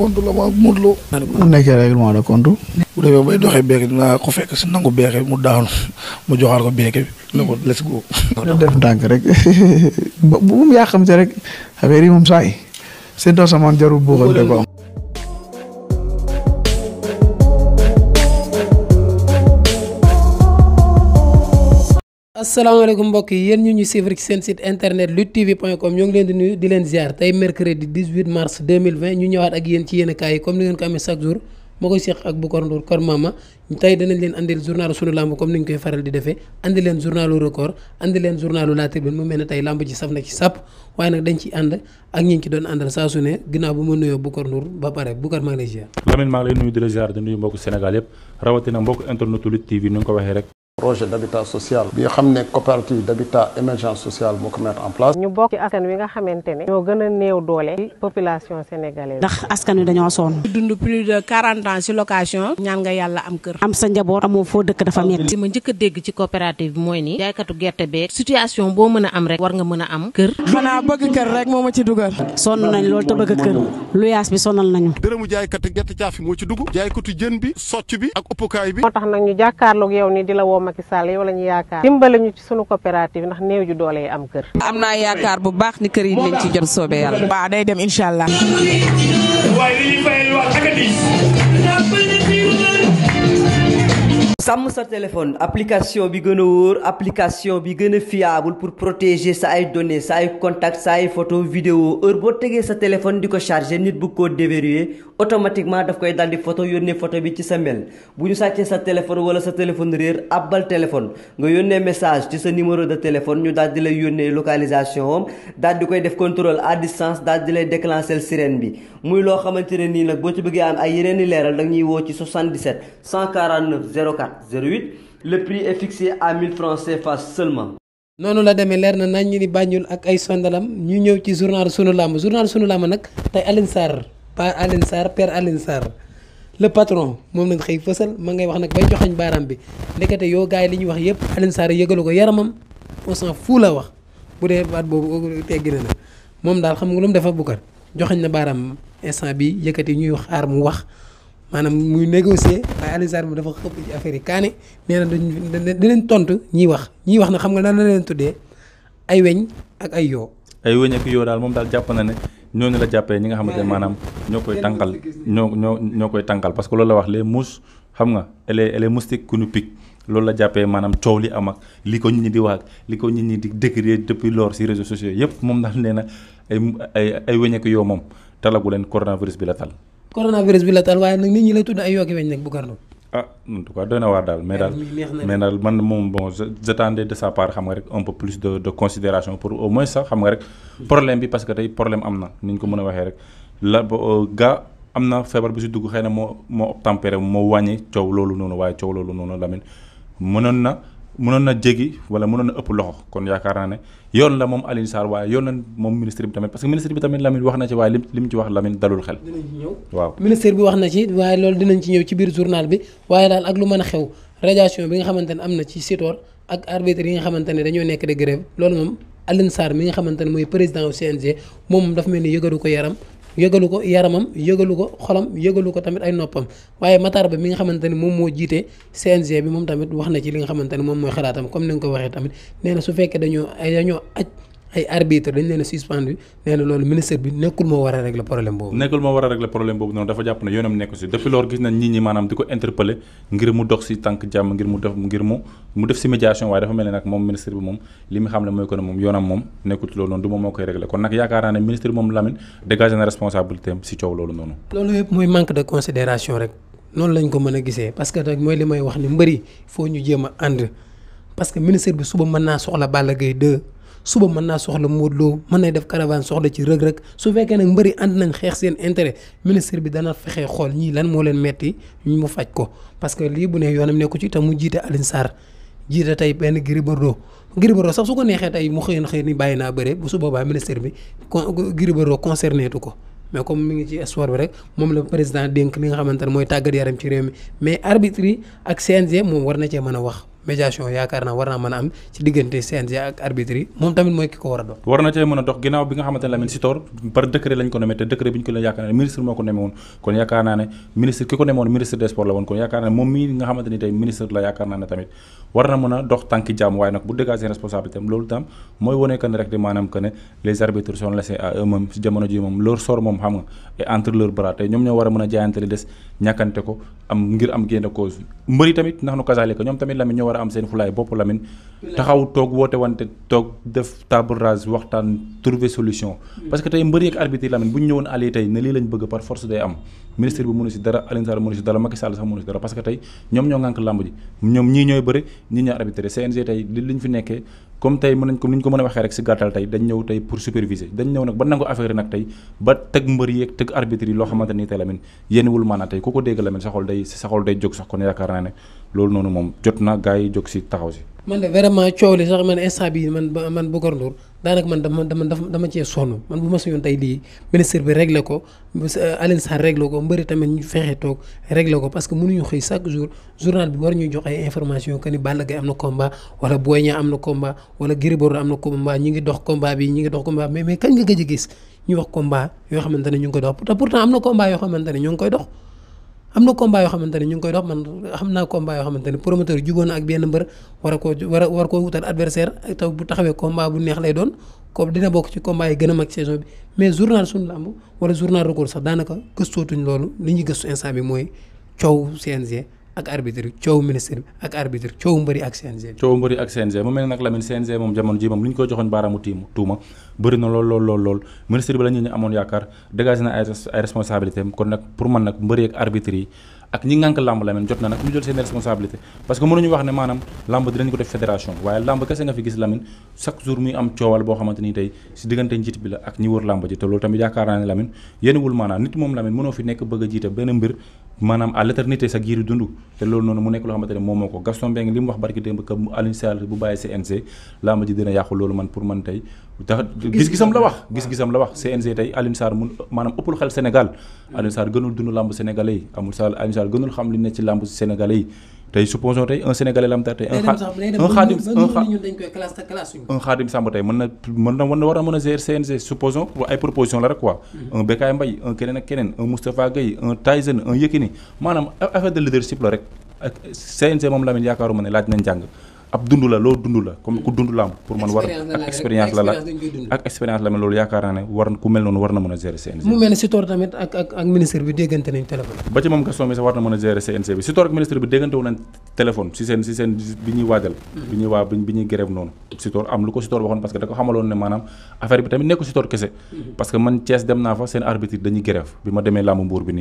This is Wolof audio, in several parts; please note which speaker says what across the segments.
Speaker 1: compte la ma Modou Lo. mu nekkee règlement de compte. bu demee bay doxee beeke dinaa ko fekk si nangu beeke mu daanu mu joxaat ko beeke bi ne ko let's go. def ndànk rek bu mu yàqamte rek affaire yi moom saa yi seen doo sama jarul buuxante ko am. asalaamaaleykum mbokk yi yéen ñu ñu suivre ci seen site internet luttetv.com ñoo ngi leen di nuyu di leen ziar tey mercredi mars ñu ñëwaat ak yéen ci yéen kaay comme ni ñu koy faral di defee andi leen journalu record andi leen journalu La Tribune mu mel tey lamb ci saf na ci sàpp waaye nag dañ ciy ànd ak ñi ñu ci doon àndal saa su ne ginnaaw bu ma nuyoo Boucar Ndour ba pare Boucar maa ngi
Speaker 2: lay maa ngi lay di la ziar di nuyu mbokku Sénégal yëpp rawatina ko waxee rek projet d'habitat social bi nga xam ne coopérative d'habitat émergent social moo ko mettre en place. ñu bokk
Speaker 1: ci askan wi nga xamante ne. ñoo gën a néew doole. ci population sénégalaise. ndax askan wi dañoo sonn. dund plus de 40 ans ci location. ñaan nga yàlla am kër. am sa njaboot amoo foo dëkk dafa metti. li ma njëkk a dégg ci coopérative bi mooy ni jaaykatu gerte beeg. situation boo mën a am rek war nga mën a am kër. xanaa bëgg kër rek moo ma ci dugal. sonn nañ loolu te bëgg kër. luyaas bi sonal nañu. dërëmu jaaykatu gerte caaf yi moo ci dugg. jaaykatu jën bi socc bi ak uppukaay bi. moo tax nag ñu jàkkaarloog yow ni di la woo Macky la ñu yaakaar dimbale ñu ci coopérative ndax néew ju doole am kër. am naa yaakaar bu baax ni kër yi lañ ci jot soobee yàlla. waaw day dem incha allah. sàmm sa téléphone application bi gën wóor application bi gën a fiable pour protéger sa ay données sa ay contacts sa ay photo vidéo heure boo tegee sa téléphone di ko chargé nit bu ko déverrouiller automatiquement daf koy di photo yónnee photo bi ci sa mail bu sàccee sa téléphone wala sa téléphone réer abal téléphone nga yónnee message ci sa numéro de téléphone ñu daldi lay yónnee localisation am di koy def contrôle à distance daldi lay déclencher sirène bi muy loo xamante ne nii nag boo ci bëggee am ay yeneen i leeral nag ñuy woo ci 77 149 04 08 le prix est fixé à 1000 francs CFA seulement. noonu la demee leer na nañ ñi ni Banjul ak ay sondalam ñu ñëw ci journal sunu làmb journal sunu làmb nag tey Alioune Sarr par Alioune Sarr père Alioune Sarr patron moom lañ xëy fësal ma ngay wax nag bay joxañ baaraam bi ndekete yoo gars yi li ñuy wax yëpp Alioune Sarr yëgalu ko yaramam on s'en fout la wax bu dee baat boobu teggi na na moom daal xam nga lu mu defa Boucar joxañ na baaraam instant bi yëkkati ñuy xaar mu wax maanaam muy négocier waaye Alioune Sarr bi dafa xëpp ci affaire yi kaane nee na dañ dinañ tontu ñiy wax ñiy wax na xam nga lan la leen tuddee ay weñ ak ay yoo
Speaker 2: ay weñ ak yoo daal moom daal jàpp na ne ñooñu la jàppee ñi nga xamante ne maanaam ñoo koy tànqal ñoo ñoo ñoo koy tànqal parce que loolu la wax les mouches xam nga elle est elle est ku ñu pique loolu la jàppee maanaam coow li am ak li ko nit ñi di waag li ko nit ñi di décrier depuis lors si réseaux sociaux yëpp moom daal nee na ay ay ay yoo moom talagu leen coronavirus bi la tal.
Speaker 1: coronavirus bi la tal waaye nag nit ñi lay tudd ay yokki weñ nag bu garno
Speaker 2: ah en tout cas doy na waar daal mais eh, daal mais daal man moom bon j'attendais de sa part xam nga rek un peu plus de de considération pour au moins sax xam nga rek problème bi parce que tey problème am na ni ñu ko mën a waxee rek la euh, gaa am na feebar bu si dugg xëy na moo moo tempéré moo wàññi coow loolu noonu waaye coow loolu noonu Lamine mënoon na mënoon na jéggi wala mënoon na ëpp loxo kon yaakaar naa ne yoon la moom Alioune Sarr waaye yoon la moom ministre bi tamit parce que ministre bi tamit Lamine wax na ci waaye li dinañ ci ñëw bi wax
Speaker 1: na ci waaye dinañ ci ñëw ci biir journal bi waaye daal ak lu mën a xew radiation bi nga xamante ne am na ci Sitor ak arbitre yi nga xamante ne dañoo nekk de grève loolu moom Alioune Sarr mi nga xamante ne mooy président CNG moom dafa mel ni yëgaru ko yaram yëgalu ko yaramam yëgalu ko xolam yëgalu ko tamit ay noppam waaye Matar Ba mi nga xamante ne moom moo jiite CNG bi moom tamit wax na ci li nga xamante ne moom mooy xalaatam comme ni nga ko waxee tamit nee na su fekkee dañoo dañoo aj ay arbitre dañ leen a bi nekkul moo war a régler problème boobu.
Speaker 2: nekkul moo war a régler problème boobu noonu dafa jàpp ne yoonam nekku si depuis gis nañ nit ñi maanaam di ko interpeller ngir mu dox si tànk jàmm ngir mu def ngir mu def si médiation waaye dafa mel ne nag moom ministre bi moom li mu xam si coow loolu noonu.
Speaker 1: loolu yëpp mooy manque de considération rek noonu lañ ko mën a gisee parce nag mooy li may wax ni suba mën naa soxla Modou Lo mën nay def caravane soxla ci rëg-rëg su fekkee nag mbëri ànd nañ xeex seen intérêt ministre bi dana fexee xool ñii lan moo leen metti mu faj ko parce que lii bu ne yoonam nekku ci te mu jiite Alioune Sarr jiite tey benn Gris Bordeaux Gris Bordeaux sax su ko neexee tey mu xëyoon xëy ni bàyyi naa bëre bu su boobaa ministre bi Gris Bordeaux concerné tu ko mais comme mi ngi ci sport bi rek moom la président dénk li nga xamante ne mooy tàggat yaram ci réew mi mais arbitre yi ak moom war na cee mën a wax médiation yaakaar naa war naa mën a am ci diggante CNG ak arbitre yi moom tamit mooy ki ko war a doon.
Speaker 2: war na cee mën a dox ginnaaw bi nga xamante la yaakaar naa ne ministre moo ko nommé moom loolu tam mooy wone rek di maanaam que ne les arbitres sont laissés à eux-mêmes si jamono ji moom leur sort moom xam nga entre leurs bras tey ñoom ñoo war a mën a jaayante li des ñàkkante ko am ngir am gain cause mbëri tamit ndax nu kasaalika ñoom tamit Lamine war a am seen xulaay bopp Lamine taxaw toog woote wante toog def table rase waxtaan trouver solution parce tey mbëri ak arbitre yi bu ñu ñëwoon Aliou tey ne lii lañ bëgg par force day am ministre bi mënu si dara Alioune Sarr mënu si dara Macky Sall sax mënu si dara parce tey ñoom ñoo ngànk làmb ji ñoom ñii ñooy bëri ñii ñooy arbitre CNG tey li liñ fi nekkee comme tey mën nañ comme ni ñu ko mën a waxee rek si gàttal tey dañ ñëw tey pour superviser dañ ñëw nag ba nangu affaire nag tey ba tëg mbër yeeg tëg arbitre yi loo xamante nii tey Lamine yéeniwul maanaa tey ku ko dégg Lamine sa xol day sa xol day jóg sax kon yaakaar naa ne loolu noonu moom jot na gars yi jóg si taxaw si
Speaker 1: man de vraiment coow li sax man instant bii man man Boucar Ndour daanaka man dama dama dama cee sonn man bu ma suñu tey lii ministre bi réglé ko Alioune Sarr réglé ko mbëri tamit ñu fexe toog réglé ko parce que mënuñu xëy chaque jour journal bi war ñu jox ay information que ni Balla Gaye am na combat wala Boy Niang am na combat wala Gris am na combat ñi ngi dox combat bi ñi ngi dox combat mais mais kañ nga gëj a gis ñu wax combat yoo xamante ne ñu ngi koy dox te pourtant am na combat yoo xamante ne ngi koy dox. am na combat yoo xamante ne ñu ngi koy dox man xam naa combat yoo xamante ne promoteur jubóo na ak benn mbër war a koo war a war koo wutal adversaire ak taw bu taxawee combat bu neex lay doon ko dina bokk ci combat yi gën a mag saison bi mais journal suñu làmb wala journal record sax daanaka gëstootuñ loolu li ñuy gëstu instant bi mooy coow CNG ak arbitre coow ministre bi ak arbitre coow mbëri ak CNG.
Speaker 2: coow mbëri ak CNG mu mel ne nag Lamine CNG moom jamono ji moom lu ñu ko joxoon baaraamu tiimu tuuma bëri na lool lool lool lool ministre bi la ñu amoon yaakaar dégagé na ay ay kon nag pour man nag mbëri ak arbitre yi ak ñi ngànk làmb Lamine jot na nag ñu jël seen responsabilité parce que mënuñu wax ne maanaam làmb dinañ ko def fédération waaye làmb kese nga fi gis Lamine chaque jour muy am coowal boo xamante ni tey si diggante njiit bi la ak ñi wër làmb ji te loolu tamit yaakaar nit moom Lamine mënoo fi nekk bëgg a jiite benn maanaam à l'éternité sa giiru dund te loolu noonu mu nekk loo xamante ne moom moo ko Gaston Mbengue li mu wax barki démb que Alioune bu bàyyi CNG làmb ji dina yàqu loolu man pour man tey tax gis-gisam la wax gis-gisam la wax CNG tey Alioune Sarr mun maanaam ëppul xel Sénégal Alioune Sarr gënul dund làmb sénégalais yi amul saal Alioune Sarr gënul xam li ne ci làmb sénégalais yi tey supposons tey un sénégalais la am tey un xaadim un xaadim Samba tey mën na mën na war a mën a gérer CNG supposons ay proposition la rek quoi mhm. un Bécaye Mbaye un keneen ak keneen un Moustapha Gueye un Tyson un Yékini maanaam affaire de leadership la rek ak CNG moom Lamine yaakaaruma ne laaj nañ jàng ab dund la loo dund la comme ku dund làmb pour man war ak expérience la la ak expérience la mel loolu yaakaar naa ne war ku mel noonu war na mën a gérer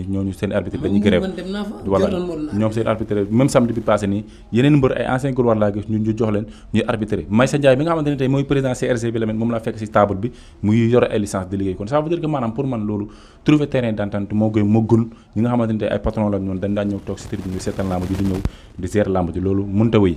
Speaker 2: noonu hmm. seen arbitre dañuy grève bi ah, ñoom seen arbitre même samedi bi passé nii yeneen mbër ay ancien couloir laa gis ñu jox leen ñuy arbitré Maysa Ndiaye bi nga xamante ne tey mooy président CRG bi la moom laa fekk si table bi muy yore ay licence di liggéey kon ça veut dire maanaam pour man loolu trouver terrain d'entente moo gën moo gën nga xamante ne ay patron la ñoon dañ ñëw toog si tribune bi seetaan lamb ji di ñëw di seet lamb ji loolu mënta wéy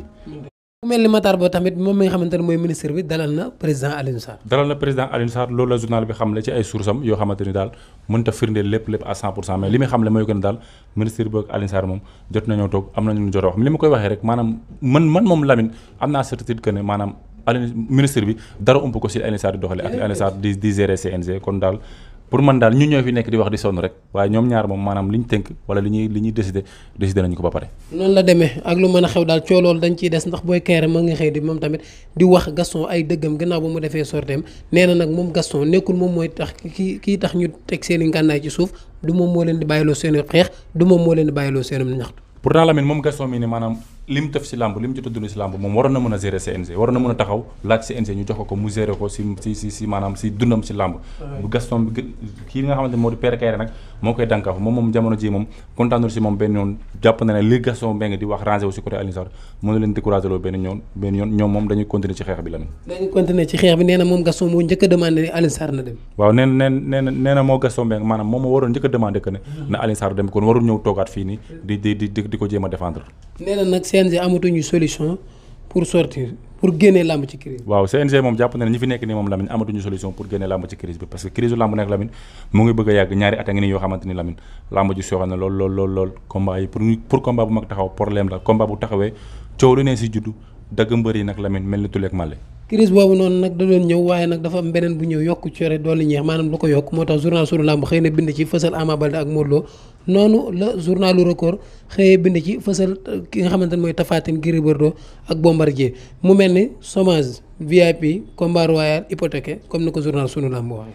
Speaker 1: ku mel ni Matar Ba tamit moom mi nga xamante ne mooy ministre bi dalal na président Alioune Sarr.
Speaker 2: dalal na président Alioune Sarr loolu la journal bi xam ci ay sources am yoo xamante daal mënut a firndeel lépp lépp à mais li muy xam mooy que daal ministre bi ak moom jot nañoo toog am nañu lu jot a wax li ma koy waxee rek maanaam man moom Lamine am naa certitude que ne maanaam Alioune ministre bi dara ump ko si Alioune di doxalee ak Alioune di di gérer CNG pour man daal ñu ñoo fi nekk di wax di sonn rek waaye ñoom ñaar moom maanaam li ñu tënk wala li ñuy li ñuy nañu ko ba pare.
Speaker 1: noonu la demee ak lu mën a xew daal coolool dañ ciy des ndax booy kayre ma nga xëy di moom tamit di wax Gaston ay dëggam gannaaw ba mu defee sorteem nee na nag moom Gaston nekkul moom mooy tax kii kii tax ñu teg seen i ngànnaay ci suuf du moom moo leen di bàyyiloo seen i xeex du moom moo leen di bàyyiloo seen ñaxtu.
Speaker 2: pourtant Lamine moom mi lim tëf si làmb lim jot a dund si làmb moom waroon na mën a gérer CNG waroon na mën a taxaw laaj CNG ñu jox ko ko mu gérer ko si si si si maanaam si làmb bu Gaston bi kii nga xamante moom moom jamono ji moom na
Speaker 1: dem
Speaker 2: waaw neen neen neen moo Gaston Mbengue maanaam moom moo waroon njëkk a demandé que ne mm-hmm. na Alioune dem kon warul ñëw toogaat fii nii di di di di ko jéem a défendre
Speaker 1: CNG amatuñu solution pour sortir pour génne làmb ci crise
Speaker 2: waaw CNG moom jàpp na ne ñi fi nekk nii moom Lamine amatuñu solution pour génne làmb ci crise bi parce que crise u làmb nekk Lamine mu ngi bëgg a yàgg ñaari at a ngi nii yoo xamante ni làmb ji sooxal na lool lool lool lool combat yi pour pour combat bu mag taxaw problème la combat bu taxawee coow lu ne si juddu dagg mbër yi nag Lamine mel ni tuleeg màlle
Speaker 1: crise boobu noonu nag da doon ñëw waaye nag dafa am beneen bu ñëw yokk ci yore dolli ñeex maanaam lu ko yokk moo tax journal sunu làmb xëy na bind ci fësal Ama Baldé ak Modou Lo noonu la journalu record xëyee bind ci fësal euh, ki nga xamante ne mooy Tapha Tine Gris Bordeaux ak mu mel ni chômage VIP combat royal hypothéqué comme ni ko journal sunu làmb waxee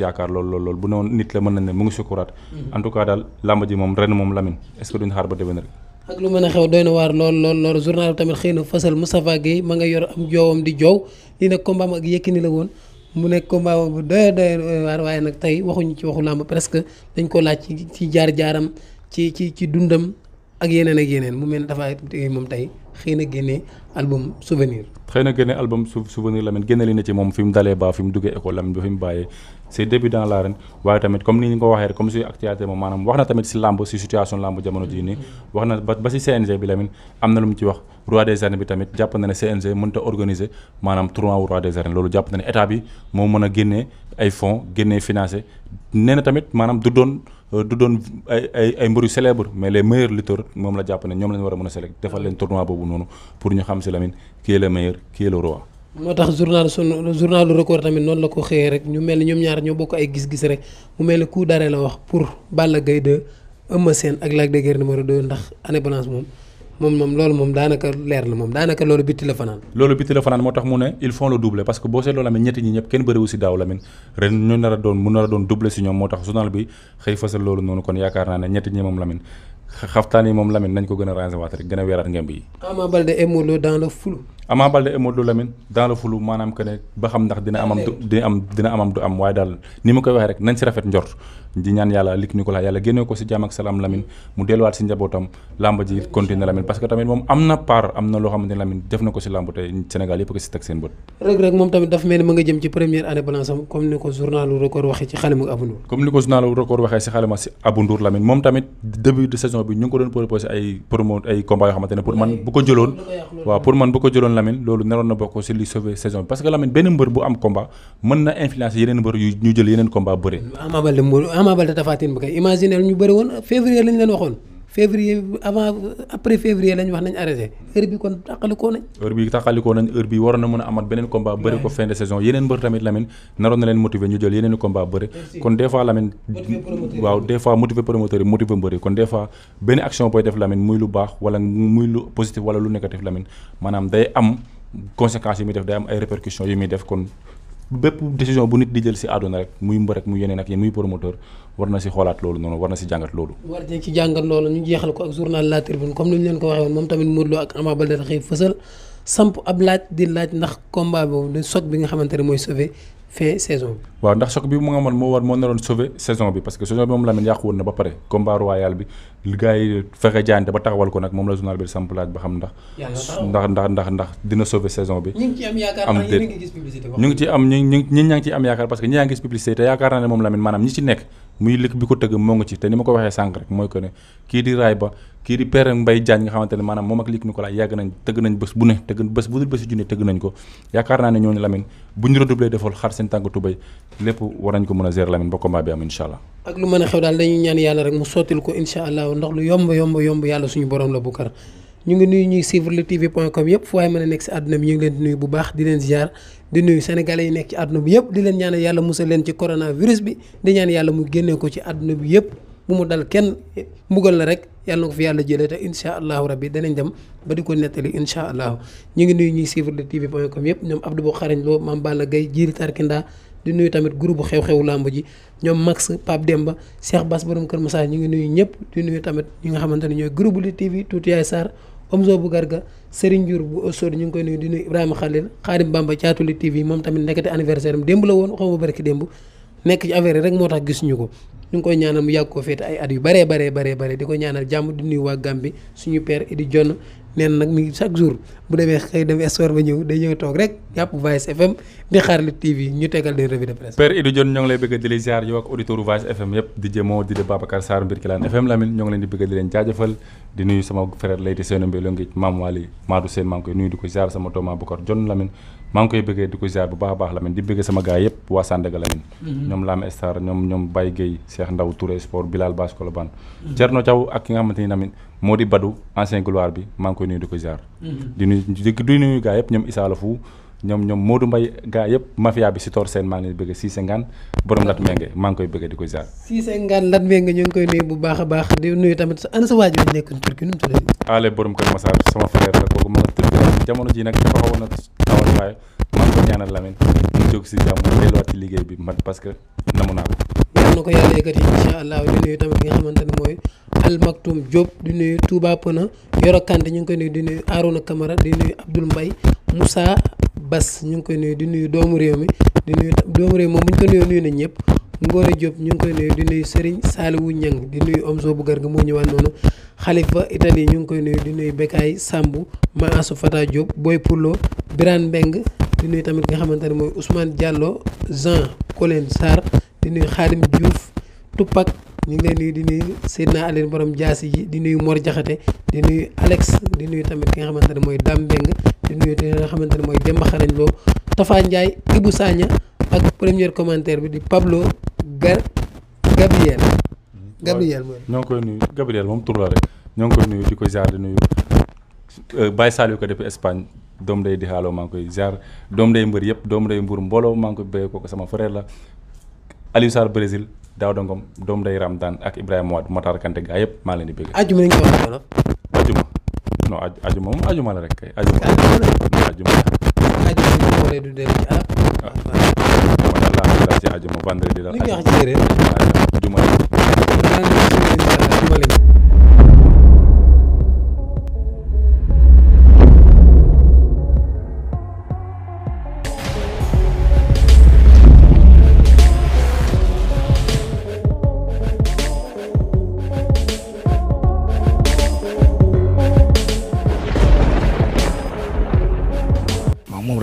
Speaker 2: si yaakaar lool lool lool bu ne woon nit la mën nañ ne mu ngi sukuraat mhm. en tout cas daal làmb ji moom ren moom Lamine est-ce ba a xew
Speaker 1: doy na di joow lii nag combat am ak Yékini la woon mu nekk combat bu doy doy waar waaye nag tey waxuñu ci waxu làmb presque dañ ko laaj ci jaar-jaaram ci ci ci dundam ak yeneen ak yeneen mu mel ne dafa moom tey xëy na génnee album souvenir.
Speaker 2: xëy na génne album souvenir Lamine génne li na ci moom fi dalee baa fi duggee école Lamine ba fi bàyyee ses débuts dans l'arène waaye tamit comme ni ñu ko waxee rek comme suñu actualité moom maanaam wax na tamit si làmb si situation làmb jamono jii nii wax na ba si CNG bi lamin am na lu mu ci wax roi des arènes bi tamit jàpp na ne CNG mënut a organiser maanaam tournoi roi des arènes loolu jàpp na ne état bi moo mën a génnee ay fonds génnee financé nee na tamit maanaam du doon du doon ay ay ay mbër mais les meilleurs lutteurs moom la jàpp ne ñoom la war a mën a select defal leen tournoi boobu noonu si Lamine qui est le meilleur qui est le
Speaker 1: moo tax journal sunu journalu record tamit noonu la ko xëyee rek ñu mel ni ñoom ñaar ñoo bokk ay gis-gis rek mu mel ni coup d'arrêt wax pour Balla Gaye 2 Eumeu Sène ak Lac de Guiers numéro moom moom a
Speaker 2: doon mu nar a doon double si ñoom moo tax xaftaan yi moom Lamine nañ ko gën a rangé waat rek gën a weeraat ngemb yi.
Speaker 1: Ama Baldé et Modou Lô dans le
Speaker 2: Ama Baldé et Modou Lamine dans le maanaam que ne ba xam ndax dina amam du am waaye daal ni ma koy waxee rek nañ si rafet njort di yàlla lik ni ko laa yàlla génne ko si jàmm ak seen bët
Speaker 1: Reug Reug moom tamit
Speaker 2: daf de saison bi ñu ngi doon proposé ay promo ay combat yoo xamante ne pour man bu ko jëloon waaw pour man bu ko jëloon kon loolu naroon na bokk ci li sauver saison parce que Lamine benn mbër bu am combat mën na influencer yeneen mbër yu ñu jël yeneen combat bëre.
Speaker 1: Ama Baldé Ama Baldé Tapha Tine bi kay imaginer ñu bëri woon février lañ leen waxoon. février avant après février lañ wax nañ arrêté heure bi kon tàqalikoo nañ
Speaker 2: heure bi tàqalikoo nañ heure bi waroon na mën a amat beneen combat bëri ko fin de saison yeneen mbër tamit Lamine naroon na leen motiver ñu jël yeneen combat bëri kon des fois Lamine waaw des fois motiver promoteur yi motiver mbër kon des fois benn action booy def Lamine muy lu baax wala muy lu positif wala lu négatif Lamine maanaam day am conséquences yi muy def day am ay répercussions yi muy def kon bépp décision bu di jël si àdduna rek muy mbër rek muy yeneen ak yéen muy promoteur war na si xoolaat loolu noonu war na si jàngat loolu
Speaker 1: war nañ si jàngat loolu ñu jeexal ko ak journal La Tribune comme ni ñu leen ko waxee woon moom tamit Modou Lo ak Ama Baldé xëy fësal samp ab laaj di laaj ndax combat boobu du choc bi nga xamante ne mooy sauvé fin saison bi
Speaker 2: waaw ndax choc bi mu nga man moo war moo naroon sauvé saison bi parce que saison bi moom Lamine yàqu woon na ba pare combat royal bi li gars yi fexe jaante ba taxawal ko nag moom la journal bi samp ba xam ndax. ndax ndax ndax dina sauver saison bi. am yaakaar am ngi ci am ñu ñi ñaa ci am yaakaar parce que ñi gis publicité te yaakaar naa ne moom Lamine maanaam ñi ko tëgg yàgg nañ tëgg nañ bés bu ne tëgg bés bu dul bési junne tëgg nañ ko yaakaar naa ne ñooñu Lamine bu ñu redoublé defool xar seen tànk tubay lépp war nañ ko mën a gérer Lamine ba combat bi am incha allah
Speaker 1: ak lu mën a xew daal taw ndox lu yomb yomb yomb yàlla suñu borom la bu kar ñu ngi nuyu ñuy suivre luttetv.com yëpp fu waaye mën a nekk si àdduna bi ñu ngi leen di bu baax di leen ziar di nuyu sénégalais yi nekk ci àdduna bi yëpp di leen ñaanal yàlla musal leen ci coronavirus bi di ñaan yàlla mu génnee ko ci àdduna bi yëpp bu mu dal kenn mbugal la rek yàlla na ko fi yàlla jëlee te incha allahu rabbi danañ dem ba di ko nettali incha allahu ñu ngi nuyu ñuy suivre le tv point com yëpp ñoom Abdou Bo Xarañ Lo Mame Balla Gaye Jiri Tarkinda di nuyu tamit groupe xew-xewu làmb ji ñoom Max Pape Demba Cheikh Bass borom Kër Massa ñu ngi nuyu ñëpp di nuyu tamit ñi nga xamante ne ñooy groupe li tv tuuti yaay Sarr Omzo bu Garga Serigne Diour bu Osor ñu ngi koy nuyu di nuyu Ibrahima Khalil Xaadim Bamba caatuli tv moom tamit nekkati anniversaire am démb la woon xaw ma barki démb nekk ci affaire rek moo tax gisuñu ko ñu ngi koy ñaanal mu yàgg ko féete ay at yu baree baree baree bare di ko ñaanal jàmm di nuyu waa Gambie suñu père Idi Jon neen nag mi chaque jour bu demee xëy dem espoir FM di xaar Lutte TV ñu tegal leen revue de presse. père
Speaker 2: Idi Jon ñoo ngi lay bëgg di la ziar yow ak auditeurs Voice FM yëpp di jëmoo di de Babacar Sarr Mbirkilaan FM ngi leen di bëgg di Maam Waly Madou di ko ziar sama doomu Bokar Jon Lamine maa ngi koy bëggee di ko ziar bu baax a baax Lamine di bëggee sama gars yëpp waa Sandaga Lamine mhm. ñoom Lam Star ñoom ñoom Baye Gueye Cheikh Ndaw Touré Sport Bilal Bass Colobane Thierno nga moo di Badou ancien gloire bi koy nuyu di ko ziar mhm. di nuyu di nuyu gars yëpp ñoom Issa Lafou ñoom ñoom a Mbaye gars yëpp mafia bi si tor seen maa ngi leen bëgg Cissé Ngane borom lat menge lat
Speaker 1: menge ñu ngi koy nuyu bu baax a baax di nuyu tamit ana sa waajur nekkoon Turquie nu mu tudd
Speaker 2: Ale borom Kër Massar sama jamono ji nag dafa xawoon a tawal waaye maa ngi ko ñaanal Lamine mu jóg si jàmm delluwaat ci liggéey bi mat parce que namu naa ko yal na ko yàlla yëkkati
Speaker 1: di nuyu tamit ki nga xamante ne mooy Al Maktoum di nuyu Touba na Yoro ñu ngi ko nuyu di nuyu Arouna Camara di nuyu Abdoul Mbaye Moussa Bass ñu ngi koy nuyu di nuyu doomu réew mi di nuyu doomu réew moom bu ñu ko nuyu nuyu nañ ñëpp Ngora Diop ñu ngi koy nuyu di nuyu Serigne Saliou Niang di nuyu Omzo bu garga moo ñëwaat noonu Khalifa Italie ñu ngi koy nuyu di nuyu Bekay Sambu Maasu Fata Diop Boy Poulo Birane Mbeng di nuyu tamit nga xamante ne mooy Ousmane Diallo Jean Colin Sarr di nuyu Khadim Diouf ñu ngi leen nuyu di nuyu naa Aline borom jaasi ji di nuyu Mor Jaxate di nuyu Alex di nuyu tamit ki nga xamante ne mooy Dame Mbengue di nuyu ki nga xamante ne mooy Demba Xarañ loo Tafa Ndiaye Ibou Sagna ak premier commentaire bi di Pablo ga Gabriel. Gabriel
Speaker 2: mooy. ñoo ngi koy nuyu Gabriel moom tur la rek ñoo ngi koy nuyu di ko ziar di nuyu euh, Baye Saliou ko depuis Espagne doom day di xaaloo maa ngi koy ziar doom day mbër yëpp doom day mbër mbooloo maa ngi koy béyee ko sama frère la Aliou Sarr Brésil Daouda Ngom doom day Ramdan ak Ibrahima Wade Matar Kanté gaa yëpp maa leen di bëgg. ajjuma nañu ko wax moom ajjuma la rek kay. ci àjjuma vendredi la. li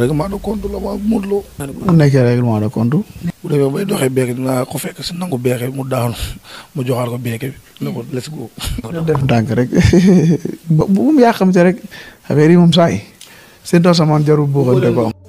Speaker 2: règlement ma Modou Lo.
Speaker 1: mu nekkee règlement de compte. bu demee bay doxee beeke dinaa ko fekk si nangu beeke mu daanu mu joxaat ko beeke bi ne ko def ndànk rek bu mu yaa xamante rek affaire yi moom saa yi seen doosamaan jarul boo ko.